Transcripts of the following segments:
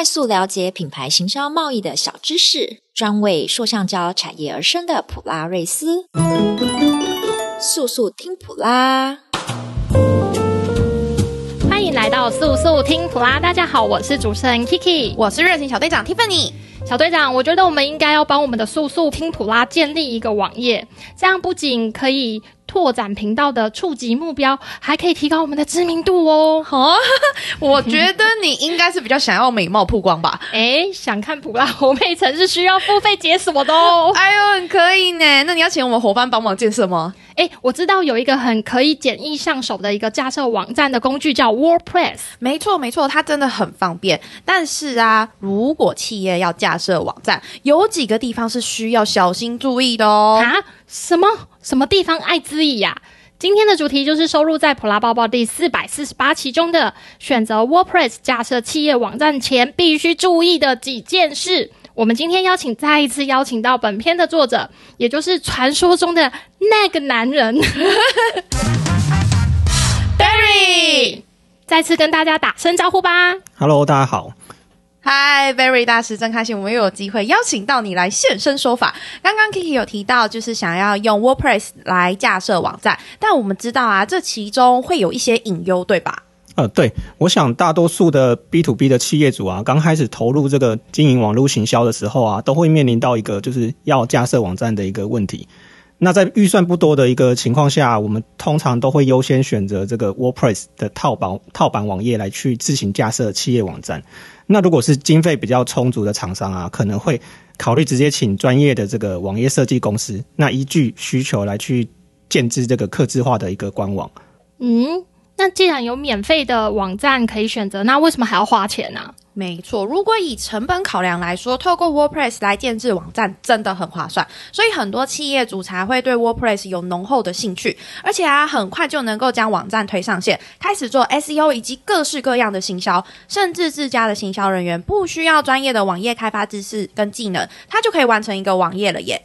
快速了解品牌行銷貿易的小知識，專為塑橡膠產業而生的普拉瑞斯，速速聽普拉！歡迎來到速速聽普拉！大家好，我是主持人 Kiki，我是熱情小隊長 Tiffany。小隊長，我覺得我們應該要幫我們的速速聽普拉建立一個網頁，這樣不僅可以，拓展頻道的觸及目標，還可以提高我們的知名度哦。我覺得你應該是比較想要美貌曝光吧？哎， 想看普拉紅配橙，是需要付費解鎖的哦。哎呦，很可以呢。那你要請我們夥伴幫忙建設嗎？哎，我知道有一個很可以簡易上手的一個架設網站的工具叫 WordPress。沒錯，沒錯，它真的很方便。但是啊，如果企業要架設網站，有幾個地方是需要小心注意的哦。啊？什麼什麼地方愛滋椅呀？今天的主題就是收錄在《普拉包包》第四百四十八期中的選擇 WordPress 架設企業網站前必須注意的幾件事。我們今天邀請再一次邀請到本片的作者，也就是傳說中的那個男人 Barry，, Barry 再次跟大家打聲招呼吧。Hello，大家好。嗨，Barry 大師，真開心，我們又有機會邀請到你來現身說法。剛剛 Kiki 有提到，就是想要用 WordPress 來架設網站，但我們知道啊，這其中會有一些隱憂，對吧？呃，對，我想大多數的 B to B 的企業主啊，剛開始投入這個經營網路行銷的時候啊，都會面臨到一個就是要架設網站的一個問題。那在預算不多的一個情況下，我們通常都會優先選擇這個 WordPress 的套版，套版網頁來去自行架設企業網站。那如果是經費比較充足的廠商啊，可能會考慮直接請專業的這個網頁設計公司，那依據需求來去建置這個客制化的一個官網。嗯。那既然有免費的網站可以選擇，那為什麼還要花錢呢啊？沒錯，如果以成本考量來說，透過 WordPress 來建置網站真的很划算，所以很多企業主才會對 WordPress 有濃厚的興趣。而且啊，很快就能夠將網站推上線，開始做 SEO 以及各式各樣的行銷，甚至自家的行銷人員不需要專業的網頁開發知識跟技能，他就可以完成一個網頁了耶。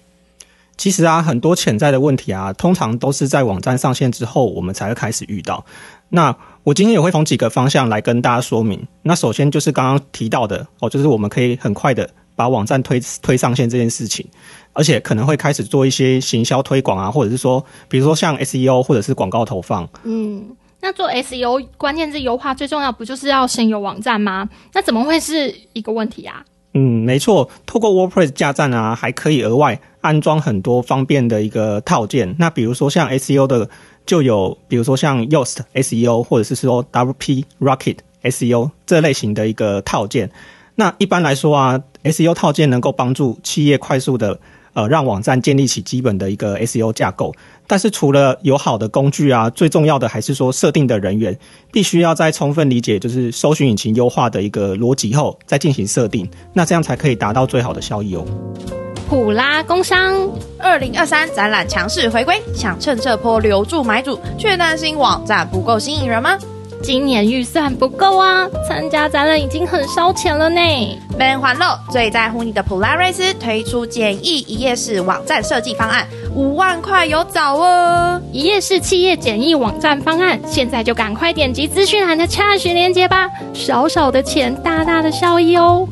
其實啊，很多潛在的問題啊，通常都是在網站上線之後，我們才會開始遇到。那我今天也會從幾個方向來跟大家說明。那首先就是剛剛提到的哦，就是我們可以很快的把網站推推上線這件事情，而且可能會開始做一些行銷推廣啊，或者是說，比如說像 SEO 或者是廣告投放。嗯，那做 SEO 關鍵字優化最重要不就是要先有網站嗎？那怎麼會是一個問題啊？嗯，沒錯，透過 WordPress 架站啊，還可以額外安裝很多方便的一個套件。那比如說像 SEO 的，就有比如說像 Yoast SEO 或者是說 WP Rocket SEO 這類型的一個套件。那一般來說啊，SEO 套件能夠幫助企業快速的呃，讓網站建立起基本的一個 SEO 架構，但是除了有好的工具啊，最重要的還是說，設定的人員必須要在充分理解就是搜尋引擎優化的一個邏輯後，再進行設定，那這樣才可以達到最好的效益哦。普拉工商，二零二三展覽強勢回歸，想趁這波留住買主，卻擔心網站不夠吸引人嗎？今年預算不夠啊，參加展覽已經很燒錢了呢。免歡落。最在乎你的普拉瑞斯推出簡易一頁式網站設計方案，五萬塊有找哦。一頁式企業簡易網站方案，現在就趕快點擊資訊欄的查詢鏈接吧。少少的錢，大大的效益哦。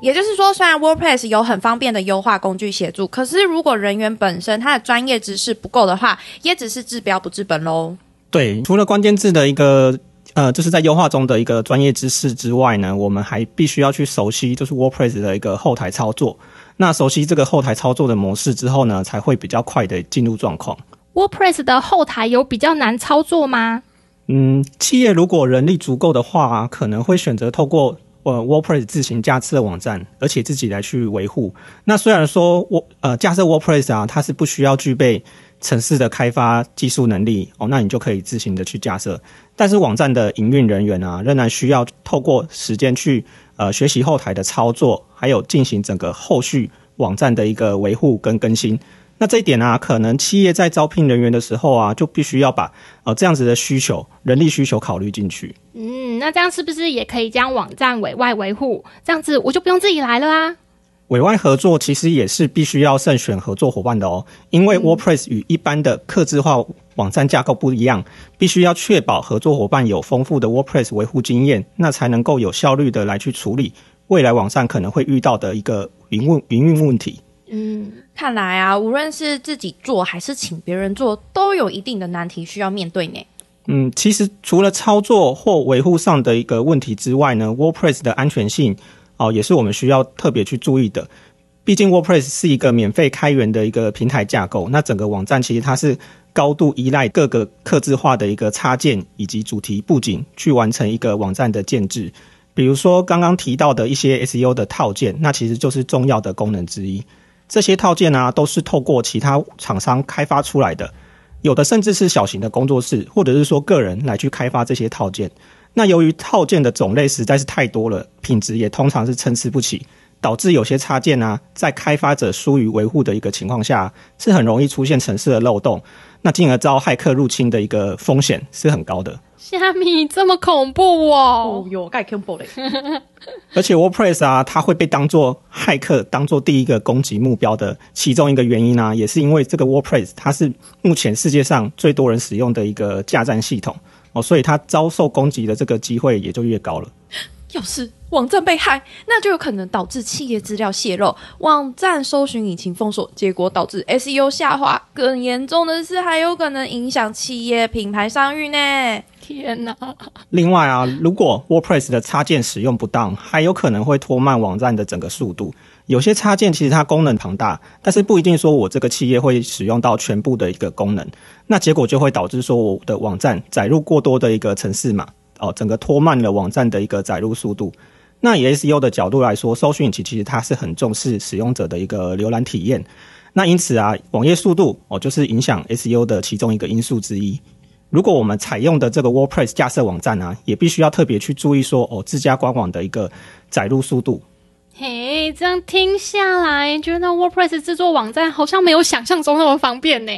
也就是說，雖然 WordPress 有很方便的優化工具協助，可是如果人員本身他的專業知識不夠的話，也只是治標不治本嘍。對，除了關鍵字的一個，呃，就是在優化中的一個專業知識之外呢，我們還必須要去熟悉，就是 WordPress 的一個後台操作。那熟悉這個後台操作的模式之後呢，才會比較快的進入狀況。WordPress 的後台有比較難操作嗎？嗯，企業如果人力足夠的話，可能會選擇透過。呃 WordPress 自行架設的網站而且自己來去維護。那雖然說我呃架設 WordPress 啊，它是不需要具備程式的開發技術能力哦，那你就可以自行的去架設。但是網站的營運人員啊，仍然需要透過時間去呃學習後台的操作，還有進行整個後續網站的一個維護跟更新。那這一點呢、啊，可能企業在招聘人員的時候啊，就必須要把呃這樣子的需求、人力需求考慮進去。嗯。嗯，那這樣是不是也可以將網站委外維護？這樣子我就不用自己來了啊。委外合作其實也是必須要慎選合作夥伴的哦，因為 WordPress 與一般的客製化網站架構不一樣，必須要確保合作夥伴有豐富的 WordPress 維護經驗，那才能夠有效率的來去處理未來網站可能會遇到的一個營運營運問題。嗯，看來啊，無論是自己做還是請別人做，都有一定的難題需要面對呢。嗯，其實除了操作或維護上的一個問題之外呢，WordPress 的安全性哦，也是我們需要特別去注意的。畢竟 WordPress 是一個免費開源的一個平台架構，那整個網站其實它是高度依賴各個客製化的一個插件以及主題布景去完成一個網站的建制。比如說剛剛提到的一些 SEO 的套件，那其實就是重要的功能之一。這些套件呢、啊，都是透過其他廠商開發出來的。有的甚至是小型的工作室，或者是說個人來去開發這些套件。那由於套件的種類實在是太多了，品質也通常是參差不齊，導致有些插件啊，在開發者疏於維護的一個情況下，是很容易出現程式的漏洞，那進而遭駭客入侵的一個風險是很高的。蝦米這麼恐怖哦！有蓋恐怖嘞， 而且 WordPress 啊，它會被當做駭客當做第一個攻擊目標的其中一個原因呢、啊，也是因為這個 WordPress 它是目前世界上最多人使用的一個架站系統哦，所以它遭受攻擊的這個機會也就越高了。要是網站被害，那就有可能導致企業資料洩露、網站搜尋引擎封鎖，結果導致 SEO 下滑。更嚴重的是，還有可能影響企業品牌商譽呢、欸。天哪、啊！另外啊，如果 WordPress 的插件使用不當，還有可能會拖慢網站的整個速度。有些插件其實它功能龐大，但是不一定說我這個企業會使用到全部的一個功能，那結果就會導致說我的網站載入過多的一個程式碼。哦，整個拖慢了網站的一個載入速度。那以 SEO 的角度來說，搜尋引擎其實它是很重視使用者的一個瀏覽體驗。那因此啊，網頁速度哦，就是影響 SEO 的其中一個因素之一。如果我們採用的這個 WordPress 架設網站呢，啊，也必須要特別去注意說，哦，自家官網的一個載入速度。嘿，這樣聽下來，覺得那 WordPress 製作網站好像沒有想象中那麼方便呢。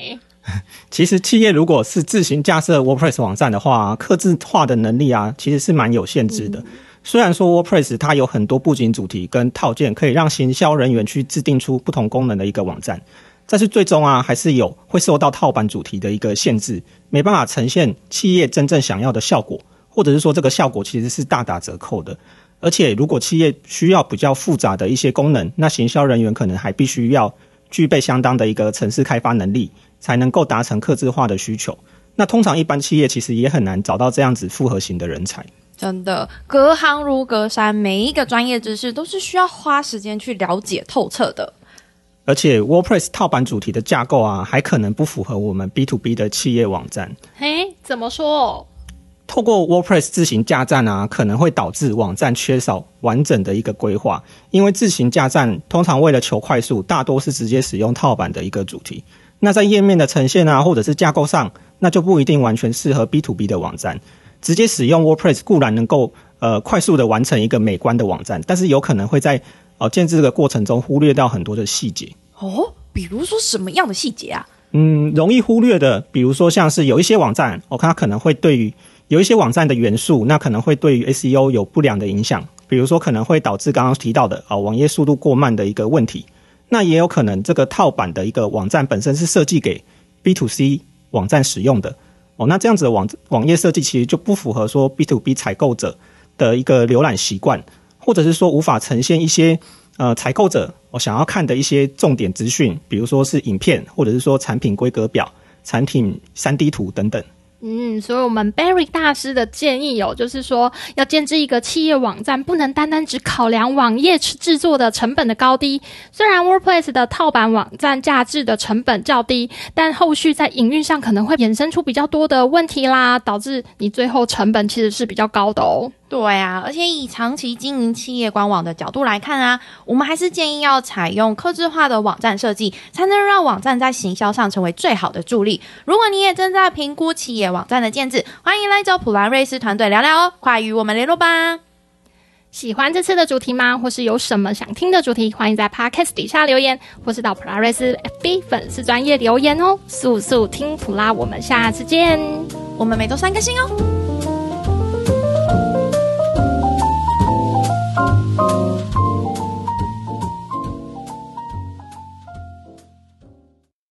其實，企業如果是自行架設 WordPress 網站的話啊，客製化的能力啊，其實是蠻有限制的。雖然說 WordPress 它有很多布景主題跟套件，可以讓行銷人員去制定出不同功能的一個網站，但是最終啊，還是有會受到套版主題的一個限制，沒辦法呈現企業真正想要的效果，或者是說這個效果其實是大打折扣的。而且，如果企業需要比較複雜的一些功能，那行銷人員可能還必須要具備相當的一個程式開發能力。才能夠達成客製化的需求。那通常一般企業其實也很難找到這樣子複合型的人才。真的，隔行如隔山，每一個專業知識都是需要花時間去了解透徹的。而且，WordPress 套版主題的架構啊，還可能不符合我們 B to B 的企業網站。哎、欸，怎麼說？透過 WordPress 自行架站啊，可能會導致網站缺少完整的一個規劃，因為自行架站通常為了求快速，大多是直接使用套版的一個主題。那在頁面的呈現啊，或者是架構上，那就不一定完全適合 B to B 的網站。直接使用 WordPress 固然能夠呃快速的完成一個美觀的網站，但是有可能會在哦、呃、建置的過程中忽略掉很多的細節。哦，比如說什麼樣的細節啊？嗯，容易忽略的，比如說像是有一些網站，我、哦、看它可能會對於有一些網站的元素，那可能會對於 SEO 有不良的影響。比如說可能會導致剛剛提到的啊、哦、網頁速度過慢的一個問題。那也有可能，這個套版的一個網站本身是設計給 B to C 網站使用的哦。那這樣子的網網頁設計其實就不符合說 B to B 採購者的一個瀏覽習慣，或者是說無法呈現一些呃採購者我、哦、想要看的一些重點資訊，比如說是影片，或者是說產品規格表、產品 3D 圖等等。嗯，所以我們 Barry 大師的建議有、哦，就是說要建置一個企業網站，不能單單只考量網頁製作的成本的高低。雖然 WordPress 的套版網站價值的成本較低，但後續在營運上可能會衍生出比較多的問題啦，導致你最後成本其實是比較高的哦。對啊，而且以長期經營企業官網的角度來看啊，我們還是建議要採用客制化的網站設計，才能讓網站在行銷上成為最好的助力。如果你也正在評估企業網站的建置，歡迎來找普拉瑞斯團隊聊聊哦。快與我們聯絡吧！喜歡這次的主題嗎？或是有什麼想聽的主題，歡迎在 Podcast 底下留言，或是到普拉瑞斯 FB 粉絲專頁留言哦。速速聽普拉，我們下次見！我們每週三更新哦。